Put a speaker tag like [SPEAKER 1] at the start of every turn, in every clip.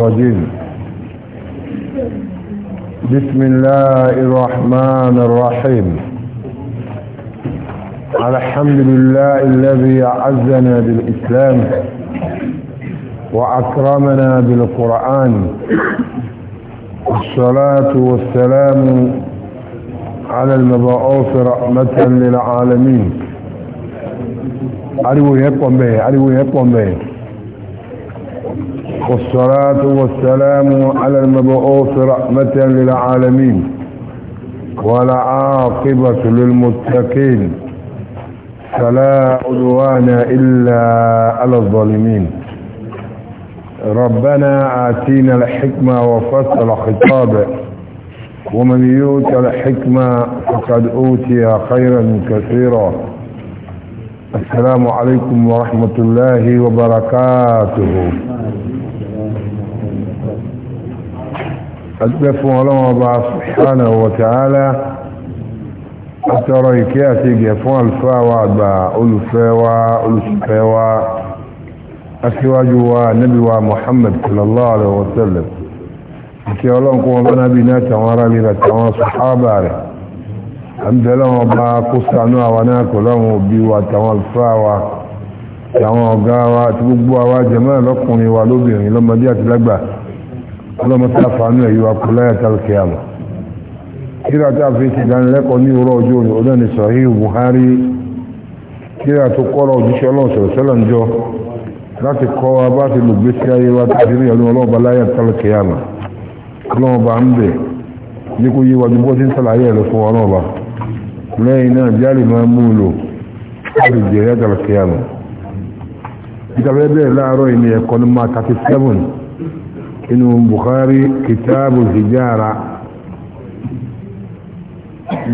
[SPEAKER 1] الرجيم بسم الله الرحمن الرحيم الحمد لله الذي أعزنا بالإسلام وأكرمنا بالقرآن والصلاة والسلام على المبعوث رحمة للعالمين أريو يقوم به أريو يقوم به والصلاة والسلام على المبعوث رحمة للعالمين ولا عاقبة للمتقين فلا عدوان إلا على الظالمين ربنا آتينا الحكمة وفصل خطابه ومن يؤت الحكمة فقد أوتي خيرا كثيرا السلام عليكم ورحمة الله وبركاته أتبقى فعلهم الله سبحانه وتعالى أترى إكياتي يفعل الفاوى بأولو فاوى أولو فاوى أسواجوا نبي محمد صلى الله عليه وسلم إكي الله قوم نبينا تمارا لنا تمارا صحابة الحمد لله ما قصنا وناكو لهم بيوا تمارا الفاوى تمارا قاوى تبقوا واجمال لكم ولوبهم لما ديات لقبه ọlọ́mọ tí a fàánú ẹ̀yọ́ akọláyà tàlkìyàmù kíra tí a fi ti dánilẹ́kọ̀ọ́ ní òrọ̀ ọjọ́ òní ọdún ní sọ̀hí Buhari kíra tó kọ́rọ̀ òjíṣẹ́ ọlọ́sọ̀rọ̀sọ́lọ́njọ́ láti kọ́ wa bá ti lùgbé sí ayé wa tàbí ní ọdún ọlọ́ọ̀bá láyà tàlkìyàmù ọlọ́ọ̀bá ń bẹ̀ ní kó yí wa dúpọ́ sí sàlàyé ẹ̀lọ́ fún ọlọ́ọ̀bá lẹ́yìn náà jáde máa mú lò láti jẹ̀rẹ́ tàlkìyàmù ìtàbẹ́ bẹ́ẹ̀ láàárọ̀ ìní ẹ̀kọ́ ní máa 37 inú Bukhari kitabu hijara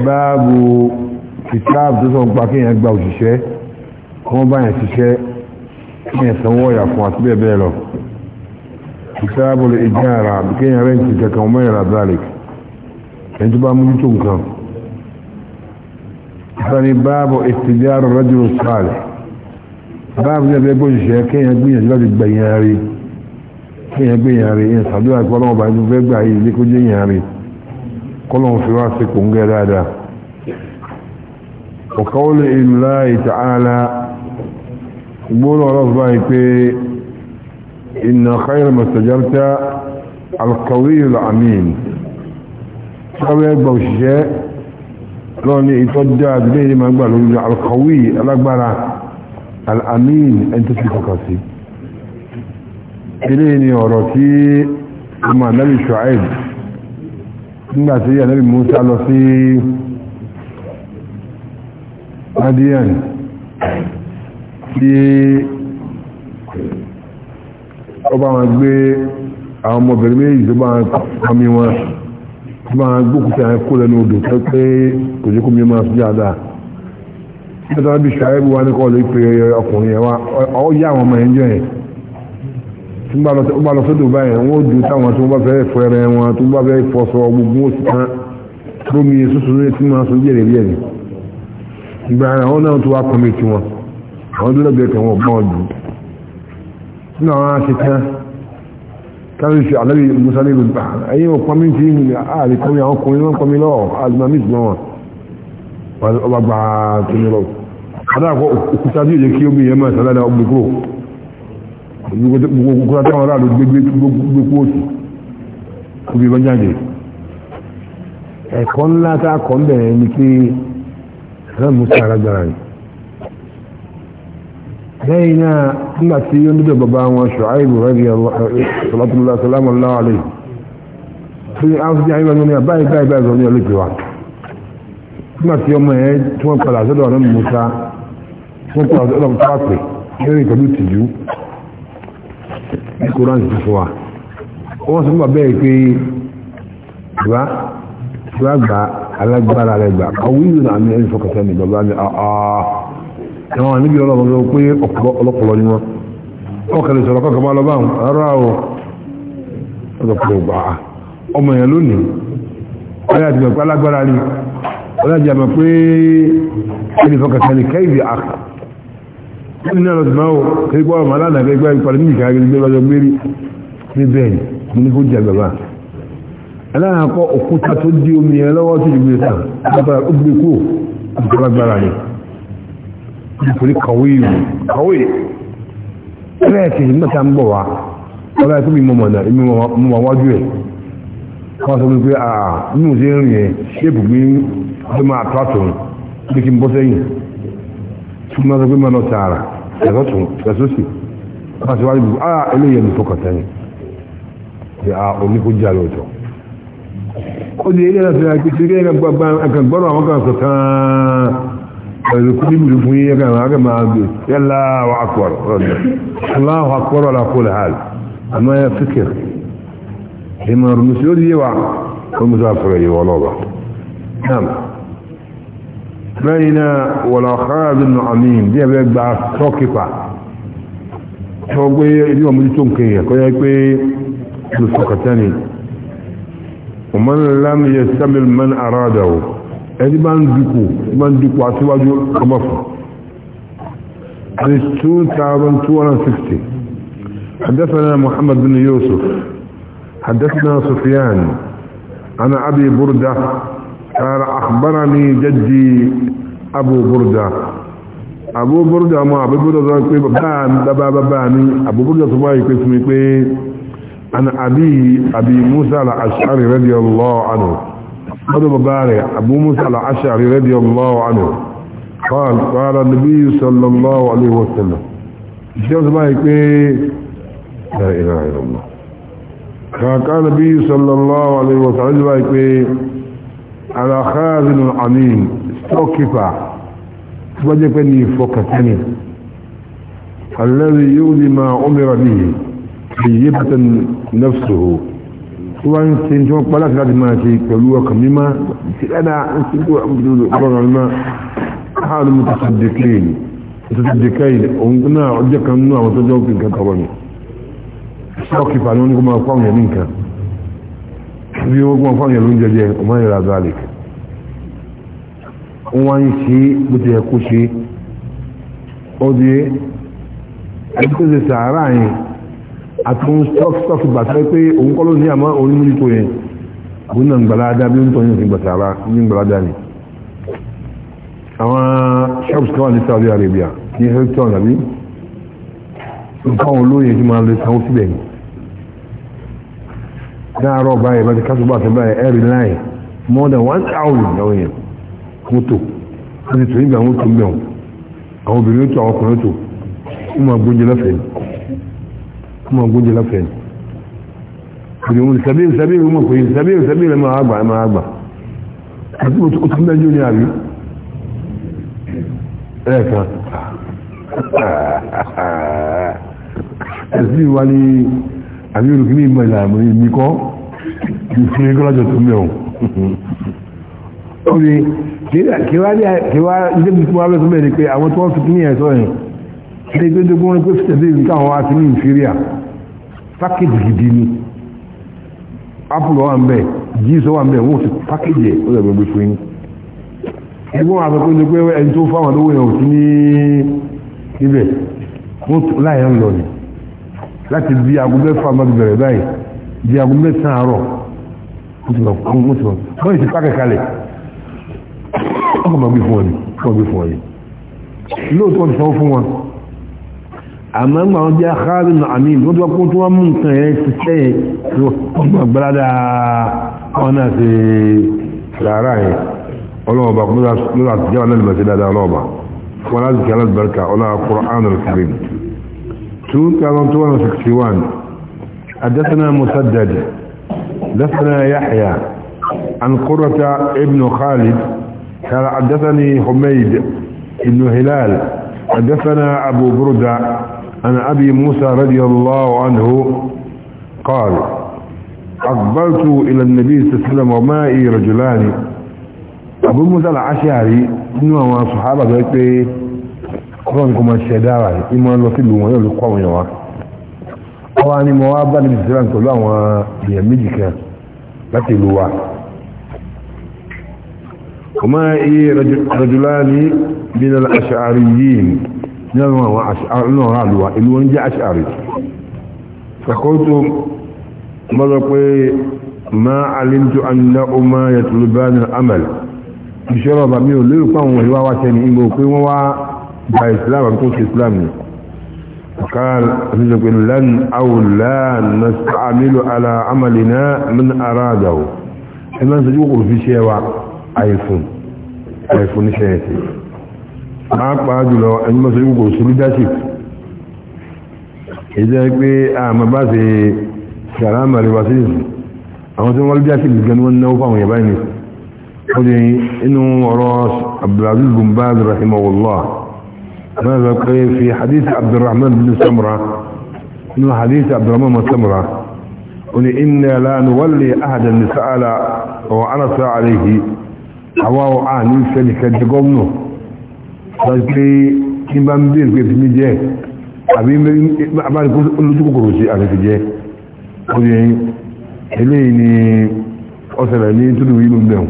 [SPEAKER 1] báàbù kitabu tó sọ pa kí yẹn gba òṣìṣẹ́ kọ́ bá yẹn ṣiṣẹ́ kí yẹn sanwó ọ̀yà fún àti bẹ́ẹ̀ bẹ́ẹ̀ lọ kitabu hijara kí yẹn rẹ́ǹtì kankan ọmọ yẹn radalik ẹni tó bá mú tó nǹkan sani báàbù ìtìjára rajul salih báàbù yẹn bẹ́ẹ̀ bó ṣiṣẹ́ kí yẹn gbìyànjú láti gbẹ̀yìn rí kíyàn gbé yàn rí ìsàdúrà kọ́lọ́wọ́ bá ní fẹ́ gbà yìí lékó jẹ́ yàn rí kọ́lọ́wọ́ fi wá sí kòǹgẹ́ dáadáa ọ̀kọ́wọ́lé ìlúlá ìtààlá gbóòrò ọlọ́fù báyìí pé iná káyọ̀ mọ̀sàjárta alkawí amin sábẹ́ gbà òṣìṣẹ́ lọ́wọ́ ní ìtọ́jà àdúgbò yìí máa gbà lórí alkawí alágbára alamin ẹni tó fi kọ̀kọ̀ sí ilé ni ọ̀rọ̀ tí ọmọ anábì Shu'aib nígbàtí anábì Musa lọ sí Madian tí ó bá wọn gbé àwọn ọmọbìnrin méjì tó bá kọmí wọn tó bá kó lẹ́nu odò tó pé kò jẹ́ sí ní kọ́ pe ọ tí wọ́n bá lọ sí Dubai wọ́n ju táwọn tí wọ́n bá fẹ́ fẹ́rẹ́ wọn tí wọ́n bá fẹ́ fọṣọ gbogbo oṣù kan lómi sọ́sọ́rọ́ tí wọ́n sọ jẹ́rẹ̀ bí ẹ̀rẹ̀ ìgbà àwọn náà tó wá pọ̀mí tí wọn àwọn tó lọ́gbẹ̀ẹ́ tẹ̀wọ̀n ọ̀gbọ́n ọdún nínú àwọn akẹ́kẹ́ kárí ṣe àlẹ́bí musalé gbogbo ayé wọn pọ̀mí tí ààrẹ pọ̀mí àwọn ọkùnrin wọn pọ̀mí lọ́wọ́ alimami gbọ́n wọn ọba gbà tó ní lọ́wọ́ adáàkọ́ òkúta tí ò gbogbo àtàwọn aráàlú gbogbo kóòtù kóbi bọ́ jáde ẹ̀kọ́ ńlá tá a kọ́ ń bẹ̀rẹ̀ ni pé ẹ̀rọ musa alágbára rẹ̀ lẹ́yìn náà nígbà tí ó nílò bàbá wọn ṣùáìbù rẹ̀ ṣọlátùlá sọlámù aláwàlẹ̀ tí a fi àyíká ní ọ̀nà báyìí báyìí báyìí lọ́nà lè pè wá nígbà tí ọmọ ẹ̀ tí wọ́n padà sọ́dọ̀ koran ti fún wa wọ́n sọ fún bẹ́ẹ̀ pé bá gba alágbára rẹ̀ gbà àwọn ìlú náà ní ẹni fọkàtà ní bàbá mi ah, ah. àwọn níbi ọlọ́pàá lọ pé ọlọ́pàá ni wọn ọkàlẹ̀ sọ̀rọ̀ kọ́kọ́ máa lọ bá o ọlọ́pàá gbà á ọmọ èèyàn lónìí ọlọ́yà ti mọ̀ pé alágbára ni ọlọ́yà ti mọ̀ pé ẹni fọkàtà ní kẹ́ìdì àkà ní náà lọ́tí máa ó kéèkọ́ ọmọ aláàdàgbé gbá ìpàdé ní ìkàrí gbé lọ́jọ́ gbérí ní bẹ́ẹ̀ mo ní kó jẹ àgbàbà aláàkọ́ òkúta tó dí omi ẹ lọ́wọ́ tó jùgbé sáà agbára ó gbé kó ìjọlágbára ni nítorí kàwé ìlú kàwé tẹ́ẹ̀kì nígbàtà ń bọ̀ wá ọlá ẹ̀kú mi mọ̀ mọ̀nà èmi mọ̀ wájú ẹ̀ wọ́n sọ pé àà tààrà ẹ̀rọ tún ẹ̀sọ́sì wọ́n ti wá níbi ah eléyìí ẹni fọkàntán ni ṣe à oníkójà lóòótọ́ ó di ilé ẹ̀sọ́ àti ṣe kéèyàn kan gbọ́dọ̀ àwọn kan sọ̀tàn ẹ̀rọ kú níbi ìlú fún yíyá kan àwọn kan máa gbé yálà wà àkọ́rọ̀ ọ̀dọ̀ aláwọ̀ àkọ́rọ̀ làkúlẹ̀ hàl àmọ́ ẹ̀ fíkìr ìmọ̀ràn mùsùlùmí ó di yé wa ó mú sọ àfọ̀rẹ̀ yìí wọ́n lọ́ba náà بين والأخراج النعمين دي بيك بقى توقفة توقفة اليوم دي تنكية كويك بسوكتاني ومن لم يستمر من أراده ẹni máa ń dìkù máa ń dìkù àtíwájú ọmọfún ní 2260 حدثنا محمد بن يوسف حدثنا سفيان عن أبي بردة قال أخبرني جدي أبو بردة أبو بردة ما أبو بردة بان دبا باني أبو بردة سباي كسمي كي أنا أبي أبي موسى الأشعري رضي الله عنه هذا بباري أبو موسى الأشعري رضي الله عنه قال قال النبي صلى الله عليه وسلم الشيخ صباحي كي لا إله إلا الله قال النبي صلى الله عليه وسلم على خازن عميم استوكفا وجبني فوكتني الذي يولي ما أمر به طيبة نفسه وان سنجون قلت لك ما تقلوك مما أنا سنجون أمر الماء حال المتصدقين متصدقين وانقنا عجك النوع وتجوك كتبني استوكفا لأنكم أقوم منك bí ó gbọ́n fáwọn ìlú jẹjẹ ọmọ ìlà garlic wọ́n ń ṣe bó ti ẹ̀kú ṣe ó di ẹbí tó ṣe sàárà yẹn àtún stock gbàtà pé òun kọ́ ló ní àmọ́ orí múlí tó yẹn òun náà gbàládá bí ó ń tọ́ yẹn sí gbàtàrà ní gbàládá ni àwọn shops kan wà ní Saudi Arabia ní Hilton àbí nǹkan olóyè tí máa lè sanwó síbẹ̀ yìí láàárọ̀ báyìí bá ti kásùgbà àti báyìí ẹ̀rì láì more than one thousand àwọn èèyàn mọ́tò wọ́n ti obìnrin tó àwọn ọkùnrin tó ụmụ máa gbóúnjẹ ni wọ́n máa gbóúnjẹ ni òdì wọn sàbíyìn sàbíyìn wọn kò yin sàbíyìn sàbíyìn lè máa gbà máa gbà àti ha ha ha ní àbí ẹ̀ẹ̀kan àbí olùkí ní ìmọ̀ ìlànà èmi kọ́ ìfúnni kọ́lájọ tó mẹ́wọ̀n ó ní kíwá ilé bí wọ́n lọ́sọ́ mẹ́rin pé àwọn tó wọ́n fi kíní ẹ̀sọ́ yẹn ilé tó dógún wọn pé fìtẹ̀sí ìrìn káwọn wá sí ní inferior package gidi ni apple wà ń bẹ̀ jíìsọ wà ń bẹ̀ wọ́n fi package ẹ̀ ó lẹ́gbẹ̀ẹ́ gbé fún yín ìwọ́n àtọ́kọ́ ní pé ẹni tó fáwọn lówó yẹn ò sí ní ibẹ̀ wọ́n láyé ń lọ ni láti bí aago mẹ́fà má bẹ̀rẹ̀ báyìí bí aago mẹ́sàn-án àárọ̀ mùsùlùmí wọ́n ti pàkẹ́ kalẹ̀ ọkọ̀ máa gbé fún wọn ni ọkọ̀ gbé fún wọn ni lóòótọ́ ti sanwó fún wọn àmọ́ ń gbà wọn jẹ́ àkáàrí nà àmì ìlú tó kún tó wọ́n mú nǹkan ẹ̀ ti sẹ́yìn ọgbà gbáradà wọn náà ti rárá yẹn ọlọ́ọ̀bà lọ́la ti jẹ́ wọn náà lè mọ̀ sí dáadáa ọlọ́ọ̀bà wọn láti kí alábẹ̀rẹ̀ ká ọlọ́ọ̀kọ̀rọ̀ ánà lè kárẹ̀ 2161 حدثنا مسدد حدثنا يحيى عن قرة ابن خالد قال حدثني حميد ابن هلال حدثنا أبو بردة عن أبي موسى رضي الله عنه قال أقبلت إلى النبي صلى الله عليه وسلم ومائي رجلان أبو موسى العشاري إنه صحابة ذلك ọlọ́run kò máa ṣẹ̀dá ara rẹ̀ ìmọ̀ lọ sí ìlú wọn yóò lè kọ́ àwọn èèyàn wa ọwọ́ ni mo wá bá níbi ìṣẹ́lá pẹ̀lú àwọn èèyàn méjì kan láti ìlú wa ọmọ iye rajulá ní bí náà aṣáárí yìí ní àwọn àwọn aṣáárí náà rà lùwà ìlú wọn jẹ́ aṣáárí kàkóso mọ́lọ pé ma alimtu anna umma yatlubani al-amal ìṣọ́rọ̀ bàbí ò lérò pàwọn ìwà wa tẹni ìgbò pé wọ́n wá gba islam àti tó ṣe islam ni قال يقول لن او لا نستعمل على عملنا من اراده اما سيقول في شيء وا ايفون ايفون شيء ما قاد له اما سيقول سوليداشيب اذا بي اما باسي سلام ريواسيس àwọn tí wọ́n lè jáde gẹ̀gẹ̀ni wọ́n náwó fáwọn ìyàbá ìní ó ní inú ọ̀rọ̀ abdulaziz bin baz rahimahullah ماذا قال في حديث عبد الرحمن بن سمرة انه حديث عبد الرحمن بن سمرة قل إنا لا نولي أحدا نسأل وعنص عليه حواو عهن سلك جقومنه فالكي كما مدير في مجيه أبي أبي كل تقول شيء على تجيه قل يعني إليني أسأل أني تدوي لهم بهم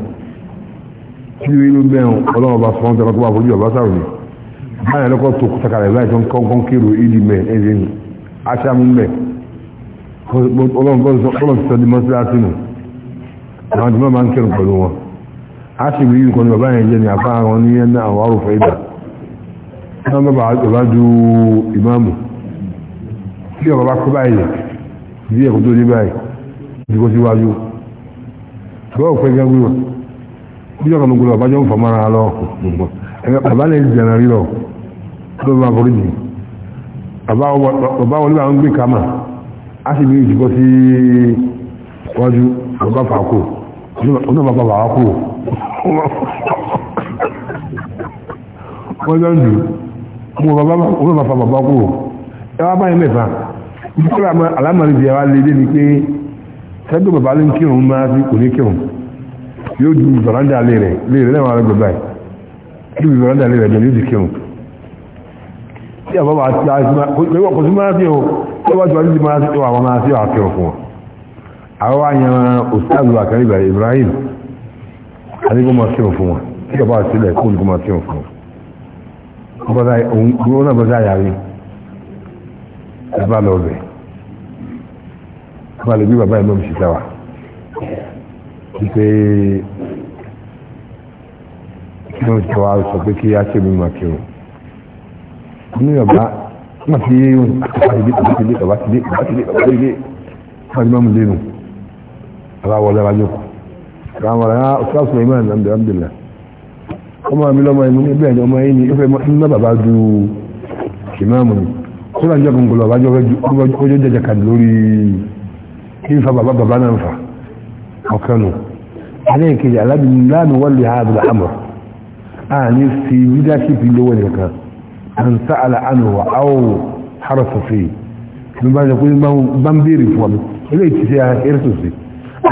[SPEAKER 1] تدوي لهم بهم الله سبحانه وتعالى تبع فرجوه بسرني báyìí lọ́kọ́ tó kùtàkàrà ìbáyìí tó ń kọ́ńkọ́n kérò ìdí mẹ́ ẹ̀yẹ ní aṣáájú mẹ́ ọlọ́run sọ di mọ́síláṣí nù àwọn jùmọ́ máa ń kẹrù pẹ̀lú wọn a sì rí nǹkan ní bàbá yẹn jẹ́ ní àbá àwọn ní ẹ̀nà àwọn arúfẹ́ ìdà náà bàbá bàbá ju ìmáàmù tí ọ̀bàbá kó lọ́wọ́ máa borí nìyí bàbá gbé kama a sì bí ìjùbọ́ sí wájú bàbá fàákò ọ̀nà bàbá fàákò wọ́n jọ ń dù mú ọ̀nà fàákò ẹwà báyìí mẹ́fà ẹwà pé sẹ́dọ̀ bàbá ń kírun máa sí kò ní kírun yóò ju lè rẹ̀ lè rẹ̀ lẹ́wọ̀n báyìí tí àwọn máa ti àwọn kò sí máa fi o tó bá jọ àti máa tó àwọn máa fi àkẹrọ fún wọn àwọn àyàn òsítàlù àkẹrìbà Ibrahim àdígbò máa kírun fún wọn tí bàbá àtìlẹ̀ kó olùkọ́ máa kírun fún wọn gbogbo náà bọ́dá yàrí bàbá lọ bẹ̀ bàbá lè bí kí wọ́n ti wá sọ ní ọ̀gá má ti yé yóò bàbá ti dé bàbá ti dé bàbá ti dé bàbá ti dé bàbá ti dé má ti má mu lénu ara wọlé ara yóò kà wọn ara ọsán sọ ìmọ̀ ẹ̀nà ẹ̀nà ẹ̀nà ọmọ mi lọ́mọ ẹ̀mú ní bẹ́ẹ̀ ni ọmọ yìí ni ìfẹ́ ńlá bàbá du ìmáàmù ni kó lọ́njọ́ gbogbo ọba jọ ọjọ́ jẹjẹ kàdé lórí kí n fa bàbá bàbá náà fa ọ̀kan nù alẹ́ ìkejì aláàbí láàmì wọ́n lè ha àbúrò àmọ̀ àní fi leadership lówó nìkan من سأل عنه أو حرص فيه من بعد يقول بمبيري فوق إليه تسيها إرسوسي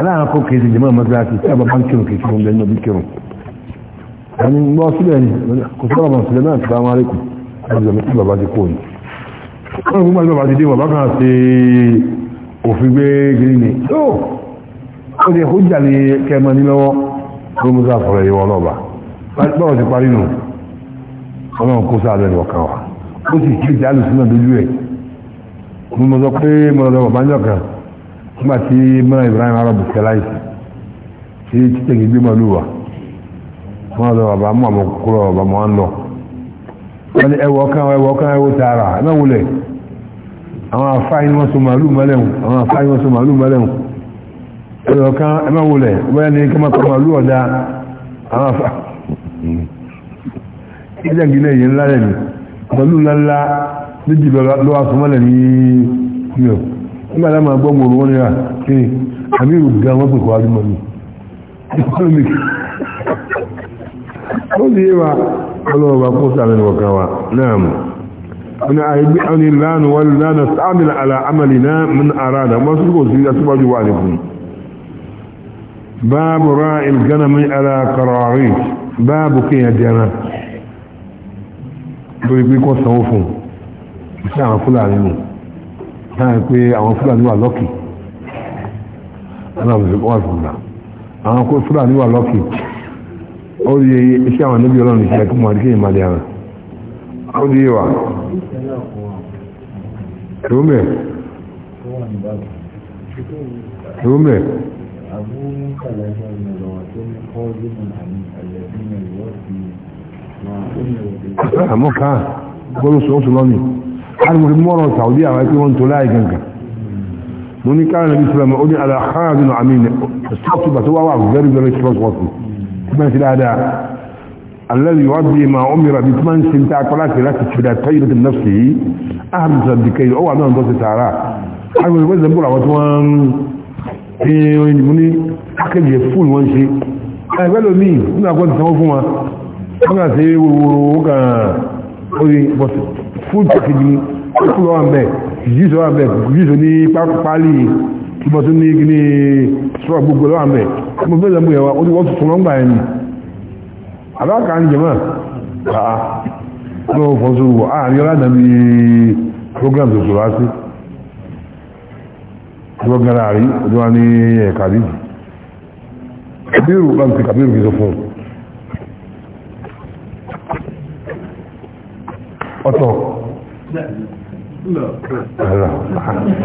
[SPEAKER 1] أنا أقول كيزي جماعة مدلاتي سابا بانكرون كيكرون لأنه بيكرون يعني مواصل يعني كثيرا من سليمان السلام عليكم هذا من إبا بعد يكون أنا أقول ما إبا بعد يديما بقى سي وفي بيجريني أوه أولي حجة لي كما نلو كل مزافر يوالوبا بقى بقى تقارينه ọlọ́run kó sáà lẹ́nu ọ̀kan wa ó sì kí ìjà lùsùn náà ẹ̀ mo mọ̀ sọ pé mo lọ bàbá nígbà tí mọ́nà Ibrahim tí títẹ̀ gbé bàbá mọ́ àmọ́ bàbá mọ́ ń lọ kan ẹwọ ẹwọ tààrà wulẹ̀ àwọn afáyín wọn so màálù àwọn afáyín wọn so màálù ẹwọ wulẹ̀ kí wọ́n kọ́ màálù ọ̀dà ẹjàngí náà yẹn ńlá lẹ́nu pẹ̀lú ńláńlá méjì lọ́wọ́ asọmọ́lẹ̀ ní yíò nígbà tá máa gbọ́ mọ̀rọ̀ wọn níra kí àmì ìrù gan wọ́n pèkọ́ adúmọ̀ mi economic ó ní wa ọlọ́wọ́ bá náà نستعمل على عملنا من أرادة ما سيكون سيدة سبع جوالكم باب راعي الغنم على قراريك باب كي lórí pé kọ́ sanwó fún sí àwọn fúlàní nù láàrin pé àwọn fúlàní wà lọ́kì àwọn kó fúlàní wà lọ́kì ó rí iṣẹ́ àwọn níbi ọlọ́run ìṣẹ́ kí mo àdíkè ìmàlẹ̀ ara ó rí wà rúmẹ̀
[SPEAKER 2] rúmẹ̀ Abu Musa lẹ́gbẹ̀ẹ́ ìrọ̀wà tó ń kọ́
[SPEAKER 1] àmọ́ káà gbọ́dọ̀ sọ́ọ́sù lọ́nìí alùpùpù mọ́rọ̀ sàwùdí àwọn ẹgbẹ́ wọn tó láì gangan mo ní káà nàbí sùlẹ̀mọ̀ ó ní aláhàbínú àmì ṣọ́ọ̀tù bàtọ́ wà wà very very close tí máa ń ṣe dáadáa alẹ́lẹ́ yóò bí ma ó mìíràn bí tí máa ń ṣe ń ta akọ́lá sí láti ṣe dáa tẹ́yìn tó nọ́ọ̀sì yìí áhàbí sàdìkẹ́ yìí ó wà náà ń tọ́sí tààrà alùpùpù ẹgbẹ́ ìzẹ̀mbùrà wọn tí wọ́n ọgbà sí wòwòrò ọgbà orí bọ̀tí fún pàkìdì kúrò wà mẹ́ jíso wà mẹ́ jíso ní pálí ìbọ̀tí ní gíní sọ́rọ̀ gbogbo lọ́wà mẹ́ ọmọ bẹ́ẹ̀ lọ́mọ ìyàwó orí wọ́n tuntun lọ́gbà ẹni àbáka ń jẹmọ́ àà lọ́wọ́ fọ́sọ́ wọ àárín ọlọ́dà bí program tó sọ̀rọ̀ sí ọjọ́ gara àrí ọjọ́ wa ní ẹ̀ka rí bí rú bá ń fi kàbí rú fi sọ fún un ọ̀tọ̀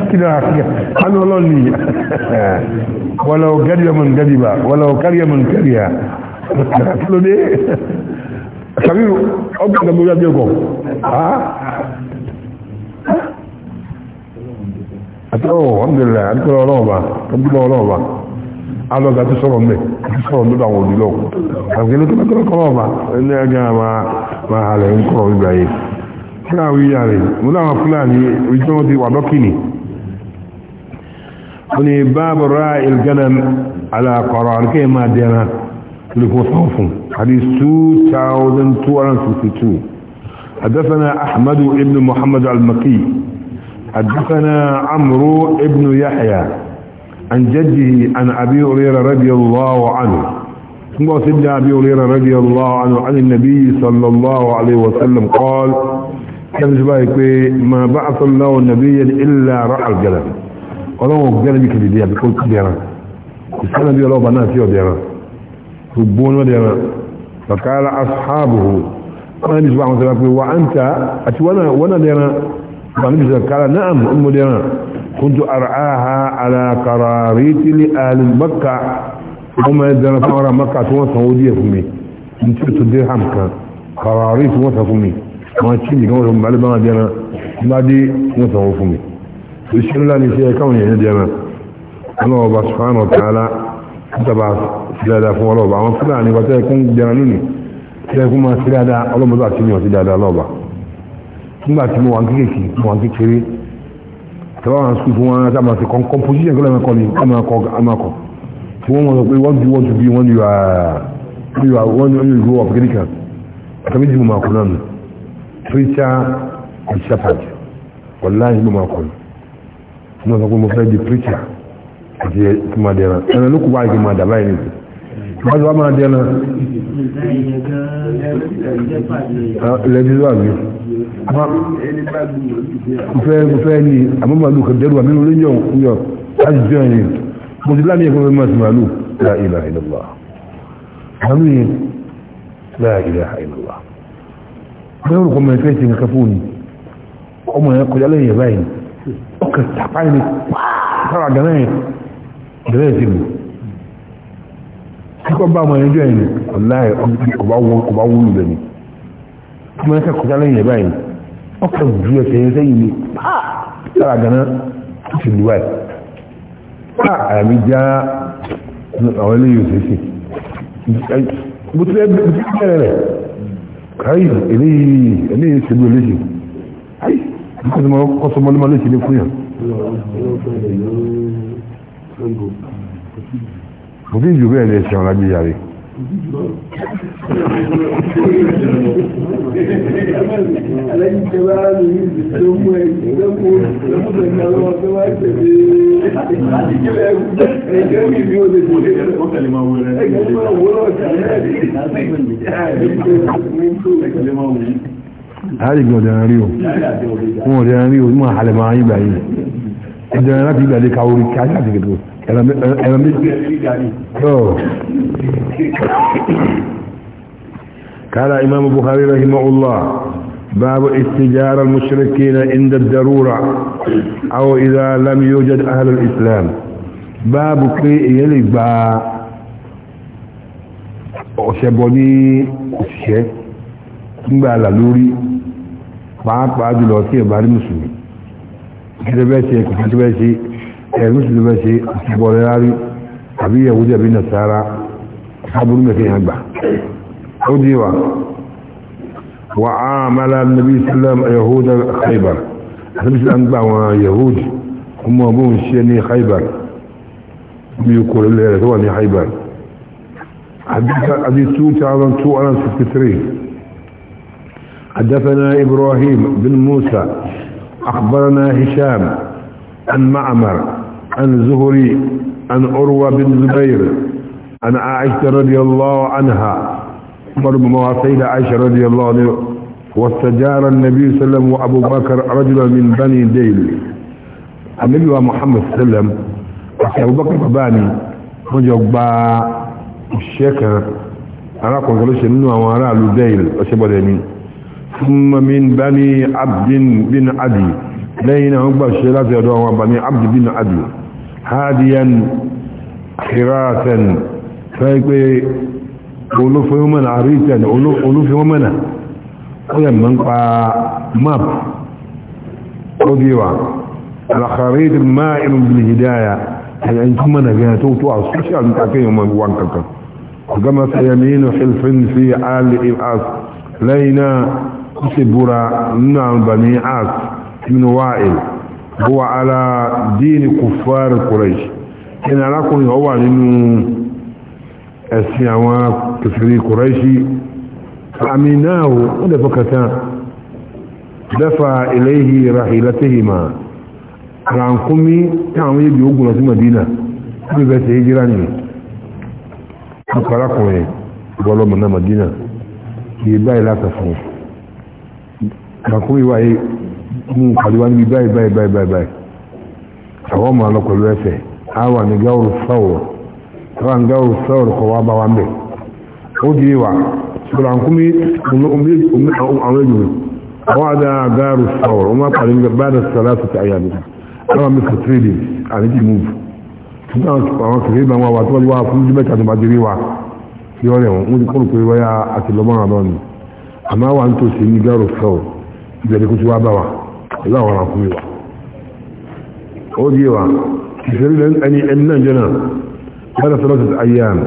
[SPEAKER 1] kí ló lọ ní wọ́lọ̀ gẹ́dìyàmù gẹ́dìbà wọ́lọ̀ kẹ́rìyàmù kẹ́rìyà kí ló dé kàbí ọgbọ̀n gbogbo ẹgbẹ́ ọkọ̀ àtọ́wọ̀ ọmọdéla àdúgbò ọlọ́ọ̀bà ọdúgbò ọlọ́ọ̀bà alọ́gà tó sọ̀rọ̀ mẹ́ tó sọ̀rọ̀ lọ́dọ̀ àwọn olùlọ́ àgbẹ̀lẹ́ tó lọ́kọ́ láàrin ìyá rẹ̀ mú láwọn fúlàní ìjọ́ wọn ti wà lọ́kìnì ó ní báàbù ra ìlgánà alákọ̀ọ́rọ̀ àríkẹ́ máa dẹran حدثنا أحمد بن محمد المقي حدثنا عمرو ابن يحيى عن جده عن أبي هريرة رضي الله عنه ثم سيدنا أبي هريرة رضي الله عنه عن النبي صلى الله عليه وسلم قال kẹ́lẹ́sì báyìí pé ma bá àtọ́láwọ̀ nabiyyan illa ra'al gẹ́lẹ́ ọlọ́wọ̀ gẹ́lẹ́ bí kìí dìde àbíkó ti dẹ̀ra kò sẹ́lẹ̀ bí ọlọ́ọ̀bà náà tí ọ̀ dẹ̀ra gbogbo wọn dẹ̀ra fàkàrà asáàbùhù wọn ní sọ àwọn sọ pé wà á ń ta àti wọn náà dẹ̀ra wọn ní sọ kàrà náà mọ̀ dẹ̀ra kuntu ar'aha ala qarariti li ahli makka wọn máa dẹ̀ra fún ara makka tí wọ́n sanwó díẹ̀ fún mi ní tí ó tó dirham kan qarariti wọ́n san fún mi àwọn tí nìkan wọ́n sọ mọ̀ alẹ́ bá wọn jẹ́ran tí bá dé wọ́n sọ wọn fún mi tó ṣe ńlá ní iṣẹ́ káwọn èèyàn jẹ́ran ọlọ́wọ́ ọba sùfàánù tààlà nígbàbà sílẹ̀dà fún ọlọ́ọ̀bà àwọn fúlàní wọ́n tẹ́ẹ̀kún jẹ́ran lónìí tẹ́ẹ̀kún máa sílẹ̀dà ọlọ́mọdé àti mi ọ̀sí dáadáa lọ́ọ̀bà nígbà tí mo wà kékeré mo wà kékeré tẹ́wọ́ àwọn sukùl fún wọn tá a máa ṣe composition kí ló máa kọ́ ni a máa kọ́ a máa kọ́ tí wọ́n sọ pé wọ́n ju wọ́n ju bí wọ́n ju wọ́n ju wọ́n ju ìlú ọ̀pẹ̀kẹ́ríkà àtàmíjì mo máa kú náà nù preacher and shepherd wàláhì ló máa kọ̀ ní mo sọ pé mo fẹ́ di preacher àti ìtumọ̀ dẹ́nà ẹ̀rọ ló kù báyìí kí n máa dàbáyé nìyí wọ́n ti wá máa dẹ́nà lẹ́gbẹ̀rún mi mo fẹ́ mo fẹ́ ní àmọ́màlú kan dẹ́rù àmínú ló ń yọ̀ ń yọ̀ láti jọ yẹn mo ti láàmì ẹ̀kọ́ fẹ́ máa sì màlúù la ilaha illallah màlúù yẹn la ilaha illallah bẹ́ẹ̀ olùkọ́ mọ̀ ẹ̀fẹ́ ìṣẹ̀ǹkà fóònù ọmọ ẹ̀ kọjá lẹ́yìn ẹ̀bá yìí ọkọ̀ tàpá yìí sára gánà yìí bẹ̀rẹ̀ ti lù kíkọ́ bá ọmọ ẹ̀jọ́ yìí ọ̀láì ọba wúlù bẹ̀ ni ọmọ ẹ̀kọ́ kọjá lẹ́yìn ẹ̀bá yìí ọkọ̀ ju ẹ̀sẹ̀ yẹn sẹ́yìn ni sára gánà ti lù wáyìí àyàmí já àwọn eléyìí òṣèṣe bùtú bẹ̀rẹ̀ rẹ̀ káyìn eléyìí eléyìí ṣe bí eléyìí ayi nípa tí mo kọ́ sọmọ ní ma léṣe ní fún yàn. mo ti jù bẹ́ẹ̀ ni ẹ̀sìn ọ̀la gbé yàrá
[SPEAKER 2] aláyí tẹ bá rà lórí ìdíjọ mú ẹ lọ́pọ̀ lọ́pọ̀ ẹ̀ka lọ́wọ́ tó wá tẹ̀lé ẹ̀jẹ̀ mi bí o lè tẹ̀lé ẹ̀jẹ̀ máa wúrọ̀ tẹ̀lé
[SPEAKER 1] àárígbìn ọ̀dẹ̀rẹ̀ rí o wọn ọ̀dẹ̀rẹ̀ rí o ní àhàlẹ̀ máa yí gbàyí ọ̀dẹ̀rẹ̀ láti gbà lè ka orí káyà àti gẹ̀gẹ̀ ẹ̀rọ méjì قال امام البخاري رحمه الله باب استجار المشركين عند الضرورة او اذا لم يوجد اهل الاسلام باب كي يلي با اوشبوني اوشي كنبا لوري باب بعد الوقت يبار المسلمين كتباتي كتباتي المسلم باتي اوشبوني لاري ابي يهودي ابي نصارى حابون مكين عديوا وعامل النبي صلى الله عليه وسلم يهود خيبر النبي مش الله يهود هم أبوه الشيني خيبر يقول الله هو خيبر حديث أبي سوت حدثنا إبراهيم بن موسى أخبرنا هشام عن معمر عن زهري عن أروى بن زبير عن عائشة رضي الله عنها عمر بن مواسيد عائشة رضي الله عنه واستجار النبي صلى الله عليه وسلم وابو بكر رجلا من بني ديل النبي محمد صلى الله عليه وسلم ابو بكر باباني وجبا الشكر انا كنت قلت انه هو على ديل اشبه ثم من بني عبد بن عدي لين عقب الشلاف يدعو بني عبد بن عدي هاديا حراسا فيقول olófin wọn mẹ́nà àríjà ní olófin wọn mẹ́nà ó yẹ mọ́ ń pa map ó di wa alakari ti máa inú bí hidaya ẹ̀yà ń tún mẹ́nà gẹ́yà tó tó a social ní akéyàn mọ́ wọn kankan gama هو inú hilfin fi ali as lẹ́yìn náà ó sì ẹ̀sìn àwọn kìfìrí kùrẹ́ṣì àmì náà wọ́n dẹ̀ fọ́kàtà dẹ́fà iléhì rahilatihima rankumi táwọn yébi ogun lọ sí madina bí bẹ́ẹ̀ tẹ́ hijira ni ọkọ̀lákùnrin bọ́lọ́mù náà madina kì í báyìí láta fún rankumi wáyé mú kàlíwá níbi báyìí báyìí báyìí báyìí ranga o sọ̀rọ̀ kọ̀ wá bá wa mẹ́ ó di wa ṣùgbọ́n kúmí àwọn ènìyàn wọ́n á dá gáàrù sọ̀rọ̀ wọ́n máa pàdé nígbà báyìí sọ̀rọ̀ láti àyà mi àwọn mi sọ̀tún èdè àníjì mú ṣùgbọ́n àwọn kìí bá wọn wà tó wá fún jíbẹ̀ tàbí máa wa kí wọ́n rẹ̀ wọ́n ó di kúrò pé wáyà àti lọ́mọ́ àbọ̀ ni àmọ́ wà ń tòṣì ní gáàrù sọ̀rọ̀ ìbẹ̀rẹ̀ kó ti wá bá wa ìlú wa ó di wa ìṣẹ́lẹ̀ ẹni ẹni náà jẹ́ هذا ثلاثة أيام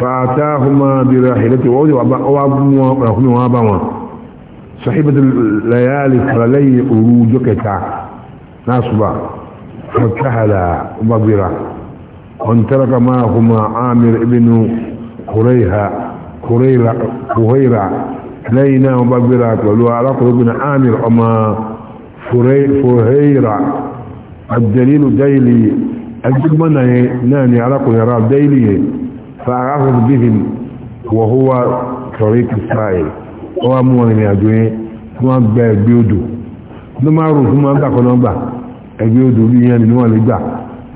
[SPEAKER 1] فأتاهما براحلته وأبنهم وأبنهم صحيبة الليالي فللي أروجك تا ناصبا فكهلا مبرا وانترك معهما عامر ابن كريها كريرة كهيرة لينا مبرا ولو علاقه ابن عامر أما فريرة الدليل ديلي الجمنة ناني علاقنا راب ديلي فأعرض بهم وهو طريق السائل ومؤمن يدوي wọ́n gba ẹgbẹ́ odò ló máa rò fún máa ń gbàkọ́ náà gbà ẹgbẹ́ odò bí yẹn ni wọ́n lè gbà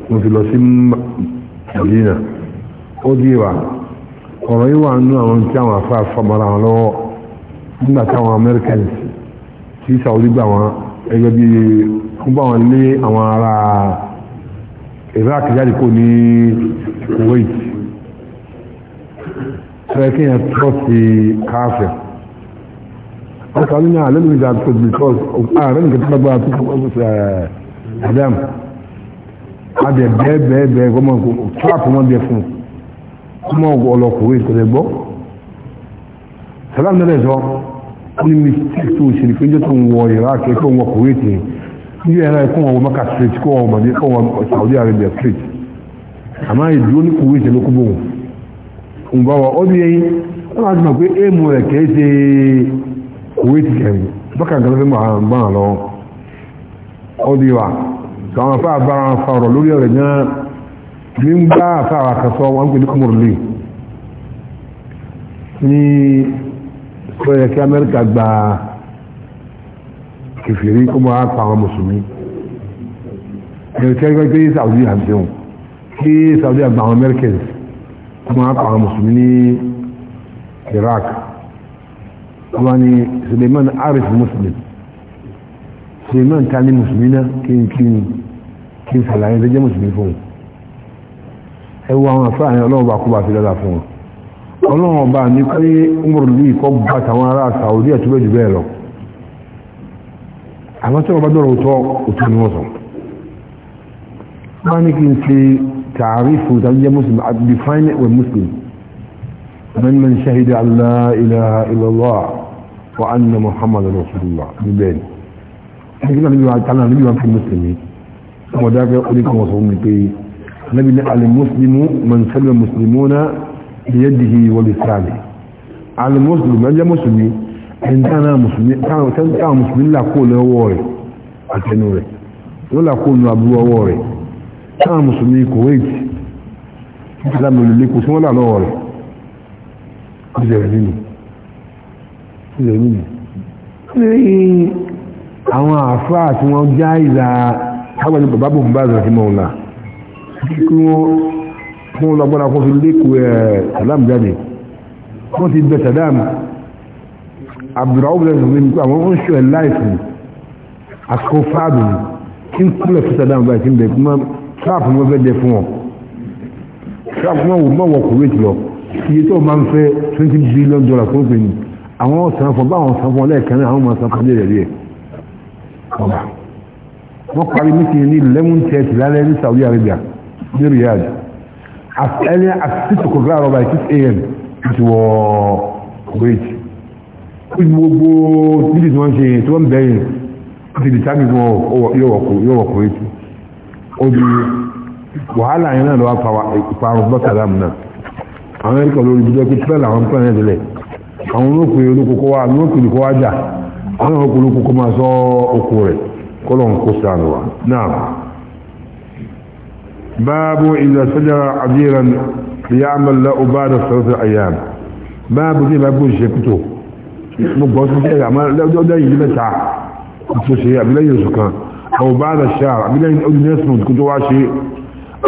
[SPEAKER 1] mo fi lọ sí mọ̀lẹ́nà ó dí wa ọ̀rọ̀ yìí wà nínú àwọn tí àwọn afá fọmọra wọn lọ́wọ́ nígbà táwọn Americans tí Saudi gbà wọn ẹgbẹ́ bíi wọ́n bá wọn lé àwọn ará iraq jáde kó ní kuwait ṣe kí yẹn tọ́ sí káfẹ́ wọ́n sọ nínú àlẹ́ nínú ìjà tó because ah, ààrẹ nìkan tó lágbára tó kọ́ ọ́ sí eh, adam adẹ bẹ́ẹ̀ bẹ́ẹ̀ bẹ́ẹ̀ gọ́mọ̀ kó trap wọn bẹ fún ọmọ ọlọ kuwait kò lè gbọ́ salam nílẹ̀ sọ ó ní mistake tó ṣe ní pé jẹ́ tó ń wọ iraq tó ń wọ kuwait yẹn ní ẹ̀rọ ẹ̀kọ́ wọn maka street kó wọn mọ̀dé kó wọn Saudi Arabia street àmọ́ ìdúró ní kùwé ìṣẹ̀lẹ̀ kó bò wọn ń bá wọn ó ní ẹyin wọn láti mọ̀ pé éèmù rẹ̀ kìí ṣe kùwé ti kẹrin bákà fẹ́ máa ń bá lọ ó di wa àwọn afá bára wọn fa ọ̀rọ̀ lórí ọ̀rẹ́ náà ní ń bá afá wa kan sọ wọn pè ní kọmọrọlẹ ní sọ yẹ kí Amẹ́ríkà gbàá kèfèrí kó máa pa àwọn mùsùlùmí ẹ̀rọ̀kẹ́ gbé pé Saudi àbíhùn kí Saudi àgbà àwọn Americans kó máa pa àwọn mùsùlùmí ní Iraq wọ́n ni Suleiman Arif Muslim Suleiman ta ní mùsùlùmí náà kí n kí n kí n sàlàyé tó jẹ́ mùsùlùmí fún un ẹ wo àwọn àfáà ní ọlọ́run bá kó bá fi lọ́la fún un ọlọ́run bá ní pé ń gbọ́dọ̀ lóyìí kọ́ bàtà àwọn ará Saudi àtúbẹ̀jù bẹ́ẹ̀ lọ àwọn tí wọ́n bá dọ̀rọ̀ òtọ́ òtún ni wọ́n sọ wọ́n ní kí n ṣe tààrífù tàbí jẹ́ muslim define it with muslim من من شهد أن لا إله إلا الله وأن محمد رسول الله ببين حكنا نبي تعالى نبي في المسلمين وذاك يقول لكم وصوم نبي المسلم من سلم المسلمون بيده ولسانه على المسلم من جاء مسلمين ẹni táwọn mùsùlùmí làkó lọ́wọ́ rẹ̀ àtẹnu rẹ̀ wọ́n làkó lu aburú ọwọ́ rẹ̀ táwọn mùsùlùmí kuwait ìsìlámù lè kò sí wọ́n là lọ́wọ́ rẹ̀ ìṣẹ̀rẹ̀ nínú ìṣẹ̀rẹ̀ nínú lẹ́yìn àwọn àfáà tí wọ́n já ìlà agbẹ̀lú bàbá bùn bá zàkí mọ́ wọ́n ti bẹ sàdámù abdulrahman lẹ́nu ní nípa àwọn ó ń ṣe ẹ̀ láìsí àsìkò fáàbù kí n kúlẹ̀ fún sàdáàmù báyìí tí ń bẹ̀ kúmọ́ sáàpù mọ́ fẹ́ jẹ fún ọ sáàpù mọ́ wọ kúrẹ́tì lọ iye tó máa ń fẹ́ twenty billion dollar fún òpin àwọn ọ̀sán fún báwọn ọ̀sán fún ọlẹ́ẹ̀kan náà àwọn ọmọ ọ̀sán fún ọlẹ́ẹ̀rẹ́ rẹ̀ ọ̀bà wọ́n parí meeting ní eleven thirty lálẹ́ ní Saudi Arabia ní Riyadh as early as six o'clock around by six a.m. it wọ kuwait gbogbo títí tí wọ́n ṣe yẹn tí wọ́n bẹ̀yìn ti di tábì wọn yọ̀wọ̀kù ètù ojú wàhálà yẹn náà lọ́wọ́ parun bọ́sàlámù náà àwọn ẹ̀ríkà lórí ibi dọ́kítì pẹ́lú àwọn pẹ́lú ẹ̀ tẹ́lẹ̀ àwọn olókùn olókùnkọ́ wá olókùn olókùnkọ́ wá jà àwọn olókùn olókùnkọ́ máa sọ okùn rẹ̀ kọ́lọ̀ ń kó sànù wa náà باب إذا سجر عذيرا ليعمل له بعد ثلاثة أيام باب دي باب شكته mo gbọ́ sí ẹ̀rọ àmọ́ lọ́jọ́ yìí mẹ́ta tó ṣe àbílẹ́yìn oṣù kan àwọn bá rẹ̀ ṣe àbílẹ́yìn ọdún nẹ́sùn kó tó wá ṣe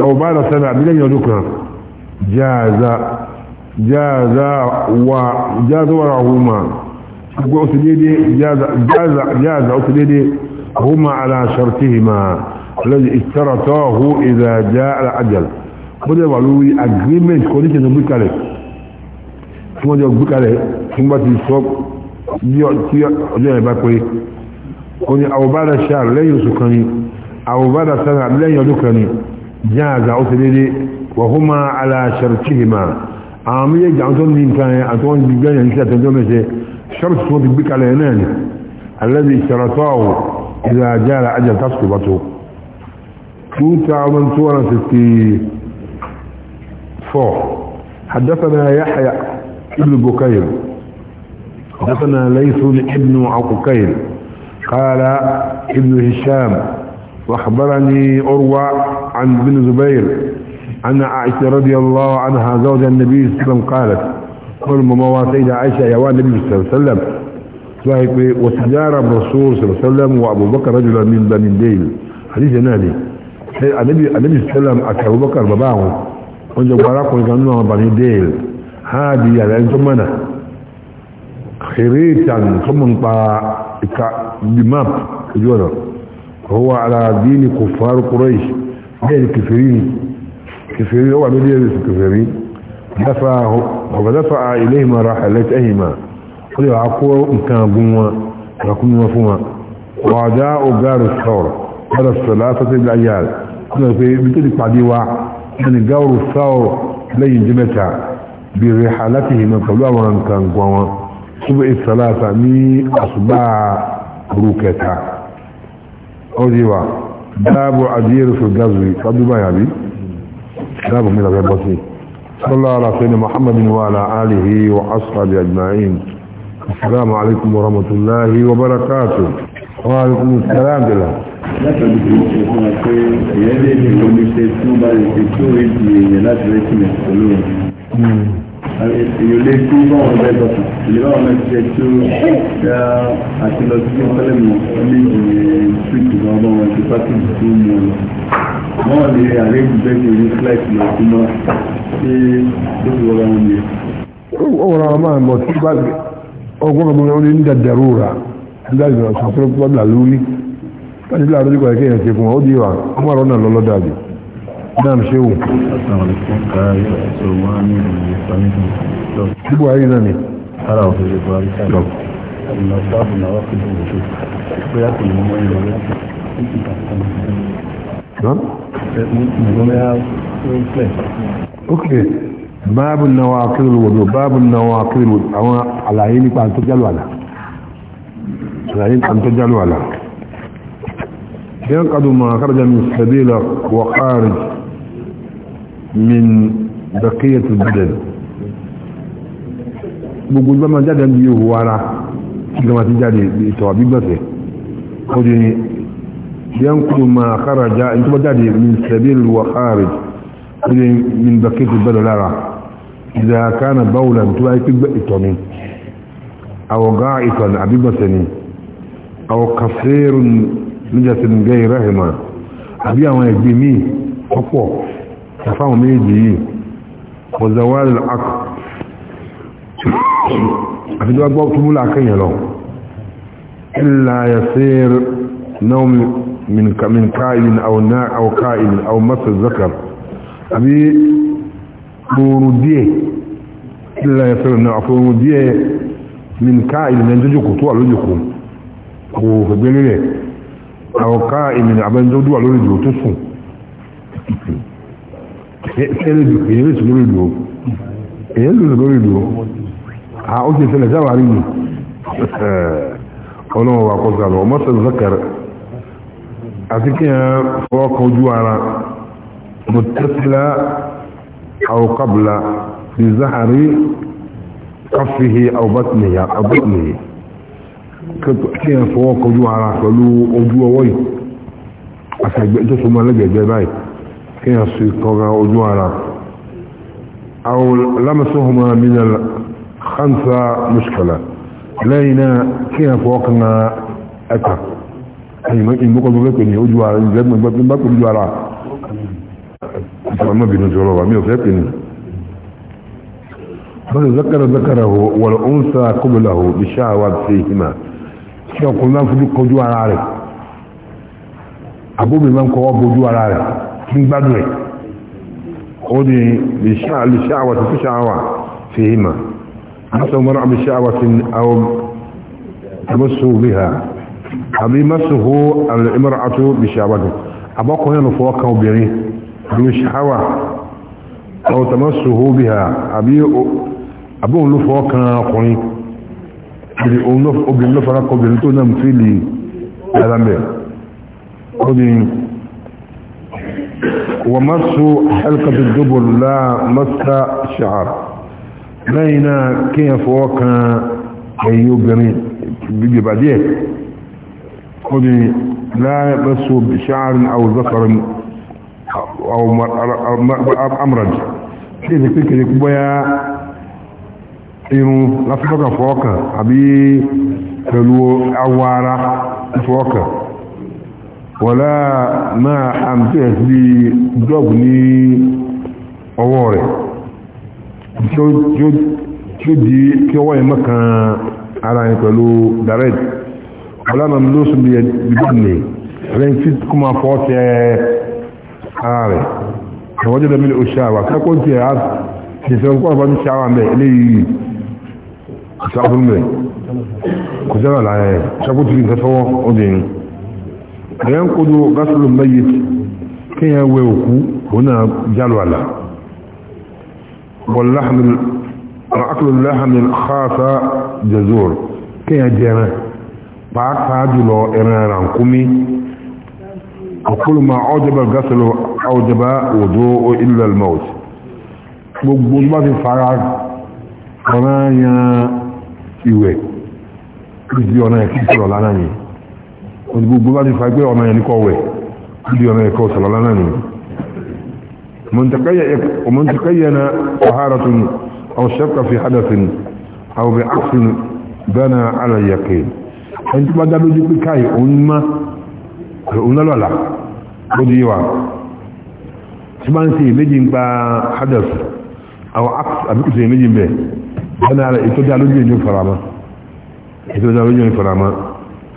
[SPEAKER 1] àwọn bá rẹ̀ sẹ́rẹ̀ àbílẹ́yìn ọdún kan jáàzá jáàzá wà jáàzá wà ráhùmá gbogbo ó ti dédé jáàzá ó ti dédé hùmá àlà ṣartihima lọ́jọ́ ìtẹ́rọ̀tọ́ hù ìdá já àjẹ́l bó dẹ̀ wà lórí agreement condition gbíkalẹ̀ tí wọ́n jọ gbíkalẹ̀ tí bá ti sọ bí ọjọ́ ìbá pé o ní àwòbára ṣáà lẹ́yìn oṣù kan ni àwòbára sára lẹ́yìn ọdún kan ni jẹ́ àgbà ó ti dédé wọ̀húnmá aláṣẹ́rẹ̀kìhìmá àwọn méjèèjì àwọn tó ní nǹkan yẹn àti wọ́n ti gbẹ́yàn sí àtẹ́jọ́ mẹ́sẹ̀ ṣọ́rọ̀tì tó ti gbé kalẹ̀ náà ni حدثنا يحيى ابن بكير حدثنا ليس ابن عقيل قال ابن هشام واخبرني أروى عن بن زبير أن عائشة رضي الله عنها زوج النبي صلى الله عليه وسلم قالت كل مواسيد عائشة يا النبي صلى الله عليه وسلم صاحب وتجارة الرسول صلى الله عليه وسلم وأبو بكر رجل من بني ديل حديث نادي النبي صلى الله عليه وسلم أبو بكر باباه وانجا وراكم كانوا بني ديل هذه يعني أنتم منه خريتان خريطا ثم بماب جونا هو على دين كفار قريش غير كفرين كفرين هو عمل يلبس كفرين دفع ودفع إليهما أهما قل يعقوا بوما لكم مفهوما وعداء جار الثورة على الثلاثة الأيال كنا في بتلك بعدي واحد يعني جار الثورة لين جمتها برحلتهما قبلها وأن كان قواما subu isalasa ní àsùbá rukẹta ó di wa dáàbò adìyẹrù fún gazi fàdúbà yàbí dáàbò mi lọ́fẹ́ bọ́ sí sallallahu ala sayyidina muhammadin wa ala alihi wa ashabi ajma'in assalamu alaikum wa wa barakatuh wa alaikum assalam bila látàrí tí ó ṣe fún wa ẹ̀yẹ́ lè ní oníṣẹ́ tí ó bá lè tí ó rí
[SPEAKER 2] di èèyàn láti rẹ́kìnẹ̀ pẹ̀lú rẹ̀ èyàn lè kú báwọn ọ̀rẹ́ dọ̀tà lè báwọn ọ̀rẹ́ jẹ́ tó dá àti lọ sí ọ̀pẹ́lẹ̀ mọ̀ ní ìwé street wọn bá wọn ti pàtó tó mọ̀ lọ wọn lè àlejò bẹ́ẹ̀ ní orí flight lọ sí mọ́ ṣé ló fi wọra wọn
[SPEAKER 1] ni. ó wọra wọn máa mọ tí ọgbọ́n ọmọ wọn ní dàdàrú rà láti lọ sọ fún ọgbọ́n làlúrí láti láàárọ̀ ẹ̀kẹ́ yẹn ṣe fún ọ ó di wa ọmọ àrọ́ lọ́lọ́dà bíi. نعم شو السلام عليكم كاي سلماني سامي شو هاي نامي
[SPEAKER 2] أنا في الباري كلام النصاب نواقد وجود بياكل المهم ولا نعم
[SPEAKER 1] اوكي باب النواقض الوضوء باب النواقض الوضوء او على عيني كان تجلو على
[SPEAKER 2] على عيني كان تجلو على
[SPEAKER 1] ينقض ما خرج من سبيل وخارج من بقية البدن gbogbo ìgbàmọ̀ jáde ní ihò ara ìgbàmọ̀ ti jáde ìtọ̀ àbígbàsẹ̀ ó di ní yankuru ma kára já ní tó bá jáde min sabil wa kharij ó di min baqiyat al-badan lára idha kana bawlan tó wáyé pígbẹ́ ìtọ̀ ni aw ga'itan àbígbàsẹ̀ ni aw kafirun níjàsìn gẹ́ ìrẹ́hìmá àbí àwọn ẹgbẹ́ míì ọ̀pọ̀ ẹ̀fáwọn méjì yìí ọ̀zọ̀wọ́lù akọ̀ àfi tó gbọ́ túnmú lákẹ́yìn lọ ilá ya sayar náà min káyìn au káyìn au masu zakar àbí oorun díẹ̀ ilá ya sayar náà àfọ oorun díẹ̀ min káyìn na jẹ́jọ́kù tó wà lójòkù kò tó wà lójòkù tó èyí sì lórí ìlú èyí sì a kí ẹ fọ́ọ̀kọ́ ojú ara mọ̀tẹ́sílá àwọ̀kọ́bùlá fi záhàrí kọ́fìhì ojú ara pẹ̀lú ojú ọwọ́ yìí àti ẹgbẹ́ tó súnmọ́ báyìí كيف سيطوغا وجوالا او لمسهما من الخنسة مشكلة لينا كيف وقنا اتا اي مقبل بكني وجوالا زي ما بكني وجوالا ما بنجولوا ما يفهمني من ذكر ذكره والأنثى قبله بالشهوات فيهما يقول قلنا فدك وجوه عليك أبو بمانكو ابو جوالا عليك gbígbádùn ẹ̀ ó di lèṣáàwà tó ṣáàwà fi hìmà mọ́sànmọ́ra àbí ṣáàwà ti àwọn mọ́sù bí ha àbí mọ́sù hó alìmọ́ra àtó bí ṣáàwà dùn abọ́kùnrin lọ fọwọ́ kan obìnrin bí ṣáàwà àwọn tàmọ́sù hó bí ha àbí abóhun ló fọwọ́ kan ومس حلقة الدبر لا مس شعر لينا كيف وكا ايوب جميل بيجي بعديه خذي لا مس بشعر او ذكر او امرج كيف فكر يكبويا ايوه لا فوق فوق ابي تلو اوارا فوق wọ́lá máa àmìtẹ́ sí dog ní ọwọ́ rẹ̀ tí ó di kí ọwọ́ yẹn mọ́kàn ara yẹn pẹ̀lú direct wọ́lá máa ló sún bí ẹgbẹ̀rẹ̀ rẹ̀ tí kó máa fọ́ tẹ ara rẹ̀ ẹ̀wọ́jọ́ dẹ̀mí ní oṣàwà kẹ́kọ́ tí a ti sọ nǹkan ọ̀bá ní ṣàwà mẹ́ eléyìí ṣàkóso mẹ́ kò sẹ́wà láyẹ̀ ṣàkóso nǹkan sọ́wọ́ obìnrin ينقض غسل الميت كي يوكو هنا جلو على واللحم الأكل اللحم الخاصة جزور كي يجينا باك فاجلو إرنا رانكمي وكل ما أوجب الغسل أوجب وضوء إلا الموت gbogbo bá ti fara ọ̀rán yán ìwẹ̀ ìdí ọ̀nà ẹ̀kí sọ̀rọ̀ lánàá yìí òní gbogbo bá ti fa pé ọmọ yẹn ní kọ́ wẹ̀ níbi ọmọ ẹ̀kọ́ sàlọ́lá náà ni mọ̀ntàkẹ́yẹ̀nà ọ̀háratun ọ̀ṣẹ́kà fi hadathin àwọ̀bẹ̀ aksin bẹ́nà alayyakin ẹni tó bá dá lójú pé káyì òun lọ́lọ́lá ó di wà tí bá ń ṣe méjì ń gba hadath àwọn àbíkùsẹ̀ méjì bẹ̀ bẹ́nà ètò dá lójú ìjọ farama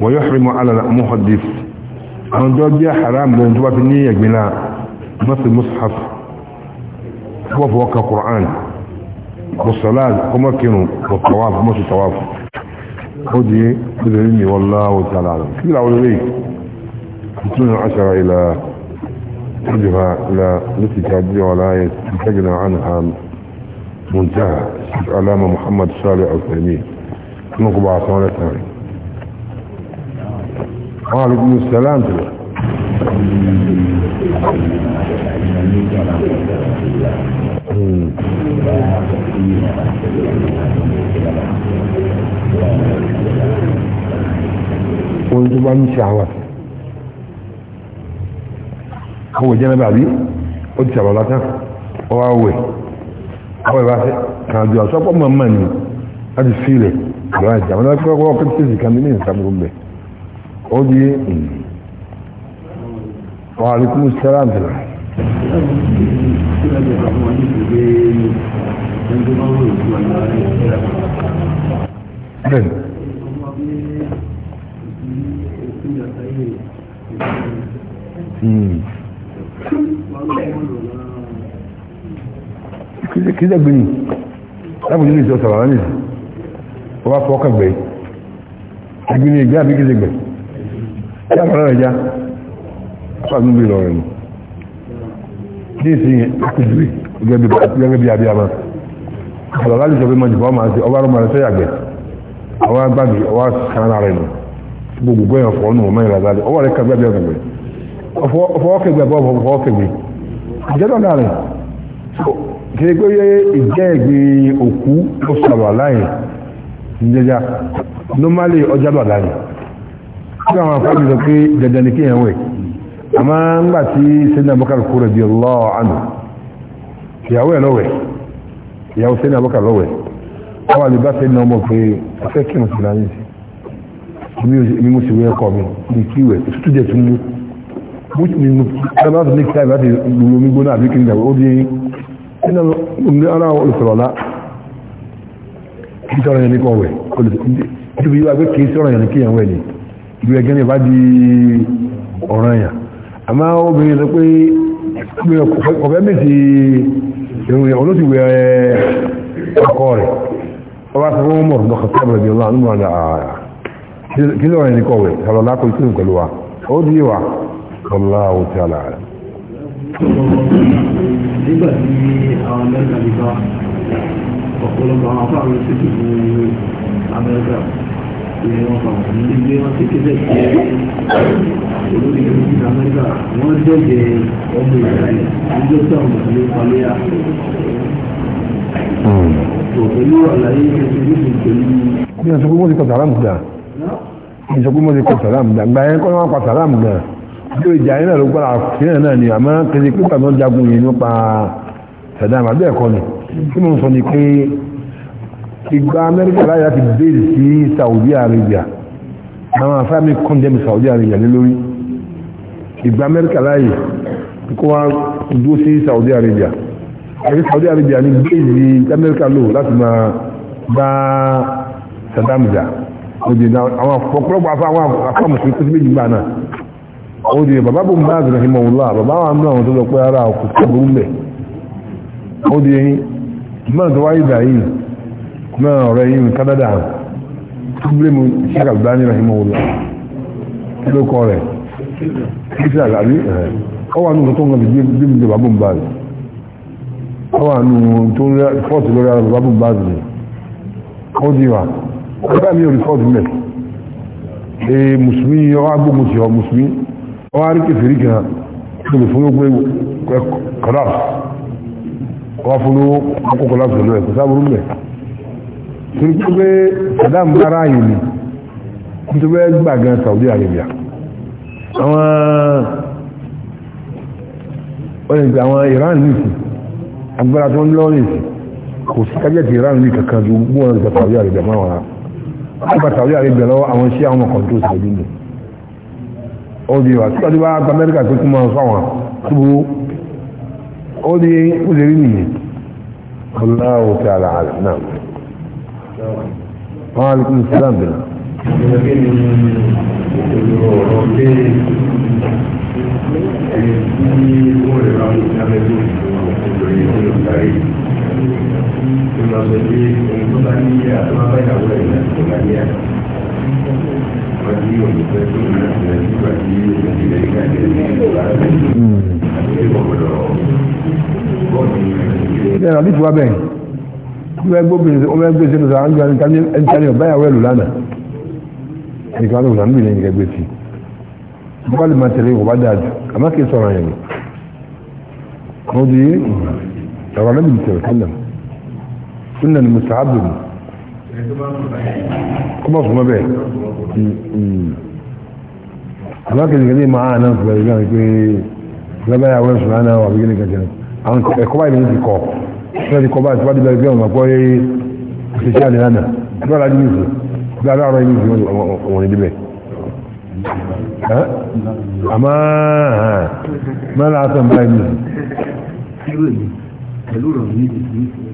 [SPEAKER 1] ويحرم على المحدث ان دوجي حرام لو انت بني يغنا ما في مصحف هو بوك القران والصلاه كما كانوا والطواف مش طواف خدي بدني والله تعالى اعلم في ولي تكون عشرة الى تجها الى التي تجدي ولا يتجنى عنها منتهى علامة محمد صالح الثاني نقبع صالح الثاني وعليكم السلام تلو قلت بأن شهوات هو جنب أبي قلت شبالته هو هو هو باسي كان جوا سوف أمام مني هذا السيلة الواجهة وانا كنت كنت كنت كنت كنت كنت كنت ó di wàhálùkú sẹ́ràn tẹ̀lá kí lẹ́gbẹ̀ yìí lábùjú ní ìjọ sàrànlẹ́ wọ́n fọ́kàgbẹ̀ ẹgbẹ̀ ní ìgbẹ́ àbíkí lẹ́gbẹ̀ẹ́ ẹgbẹ̀rẹ̀ ẹja fàgbùgbì lọ́rẹ̀ ni ní ìsìn àkùjúwì gẹ́gẹ́ bí abíyàmá ọ̀lọ́lá lè sọ pé mọ́jù fọ́ọ̀mà sí ọba rọ́mà rẹ̀ sẹ́yàgbẹ̀ àwọn agbábi ọwá kanáà rẹ̀ nù gbogbo ẹ̀yàn fọ́ normally ọjọ́ tí àwọn afọ́ jùlọ pé dandan ní kíyàn wẹ̀ àmá ń gbà tí sẹ́nà abúkàr kú rẹ̀ bí ọlọ́ọ̀ ànà ìyàwó ẹ̀ lọ́wẹ̀ ìyàwó sẹ́nà abúkàr lọ́wẹ̀ wọ́n wà lè bá sẹ́nà ọmọ pé afẹ́ kí mo sì náà yìí mi mo sì wẹ́ ẹ̀kọ́ mi ní kí wẹ̀ tútù jẹ́ tún mú which means bí ẹgẹ́ ní bá di ọ̀ràn yà àmá obìnrin sọ pé ọ̀fẹ́ mẹ́sì ìrìn olóti wẹ ọkọ rẹ̀ ọba sọ fún mọ̀rún lọ́kọ̀ tí ọmọdé ọlá nínú àdá kí lọ́rọ̀ ẹni kọ̀wẹ̀ sọ̀rọ̀ lákò ìtún pẹ̀lú wa ó di wa ọlá ó ti àlà rẹ̀
[SPEAKER 2] nígbà tí àwọn amẹ́ríkà nípa ọ̀pọ̀lọpọ̀ àwọn afáàrùn sí ìlú amẹ́ríkà ìgbé wọn ti kéde ṣe olórí ìlú amẹ́ríkà wọ́n jẹ́jẹ́ ọmọ ìsirayẹ̀ níjọ́ tí àwọn mùsùlùmí paléyà. pẹ̀lú àlàyé ìṣèlú
[SPEAKER 1] pẹ̀lú. bí wọ́n sọ pé wọ́n ti kọ́ sàrámù gbà wọ́n sọ pé wọ́n ti kọ́ sàrámù gbà gbà yẹn kọ́ ni wọ́n pa sàrámù gbà bí ìjà yẹn náà ló gbára sílẹ̀ náà ni àmọ́ kéde pípa náà jagun yẹn nípa sàdámù àbí ni kí mo sọ ni pé ìgbà amẹ́ríkà láyé láti bèèrè sí saudi arabia àwọn afẹ́mi kọ́ndẹ̀mù saudi arabia lé lórí ìgbà amẹ́ríkà láyé kó wá dúró sí saudi arabia àti saudi arabia ní bèèrè amẹ́ríkà lò láti máa bá saddam jà òdì àwọn ọ̀pọ̀lọpọ̀ afáàmùsùn tó ti méjì gbà náà òdì bàbá bò ń bá àgbẹ̀rẹ̀ sí mọ̀wúlá bàbá wa ń náà tó lọ pé ara òkú tó burú mẹ́ òdì yẹn mọ́n tó wáyé dà yìí náà ọ̀rẹ́ yìí ní Canada túbúlẹ̀mù Sheikh Albani rahimahullah ló kọ́ rẹ̀ kíkí àgbàrí ọ wà nínú tó ń gbé bí mi bàbá bùnbà rẹ̀ ọ wà nínú tó ń fọ́ọ̀tì lórí ara bàbá bùnbà rẹ̀ ó di wà ọgbà mi ò rí fọ́ọ̀tì mẹ́ ee mùsùlùmí ọwọ́ agbógun ti ọ mùsùlùmí ọwọ́ arí kẹfìrí kan tó lè fún ogún kọ́lá ọwọ́ fún ogún kọ́lá pẹ̀lú ẹ̀ kò sáà burú mẹ́ torí kí pé adam bára yìí ni kí tó bẹ́ gbàgán Saudi Arabia àwọn olùgbé àwọn Iran nìsí agbára tó ń lọ nìsí kò sí kájẹ́tì Iran ní kankan ju gbọ́n nípa Saudi Arabia máa wà nípa Saudi Arabia lọ́wọ́ àwọn sí àwọn ọkọ̀ tó sàbí nì ó di wà tí wọ́n ti bá gba Amẹ́ríkà tó kú máa fáwọn kúrú ó di ó lè rí nìyí Allahu ta'ala alam
[SPEAKER 2] wọ́n á lè kún islam bẹ̀rẹ̀.
[SPEAKER 1] Ìjọba hmm. bí ti wá ọmọ ẹgbẹ́ sínú sáà ń gba ẹnìkanì ọ̀báyàwó ẹ̀lú lánàá ẹnìkan ló lànà nílẹ̀ ẹnìkan gbé sí bọ́ọ̀lù lè máa tẹ̀lé ọba dáadù àmọ́ kì í sọ̀rọ̀ yẹn ni wọ́n di ọ̀rọ̀ náà bìí tẹ̀lé sílẹ̀ sílẹ̀ ni musa abdul kọ́mọ̀ fún ọbẹ̀ àmọ́ kì í sọ̀rọ̀ máa náà fún ẹ̀ pé lọ́bàyàwó ẹ̀sùn lánàá wà bí kí ni kẹ̀kẹ́ àwọn ẹ̀kọ́ báyìí ni ó ti kọ́ fẹ́ẹ̀dì kọba àti wádìí bẹ̀rẹ̀ gẹ́wọ̀n àpọ̀ yẹ́ ìṣẹ́ṣẹ́ àlè lánà lọ́la ní ìṣẹ́ lára ọ̀rọ̀ yìí ìṣẹ́ wọn ní débẹ̀
[SPEAKER 2] àmọ́ mẹ́la àtọ̀ mbáyé ní ìṣẹ́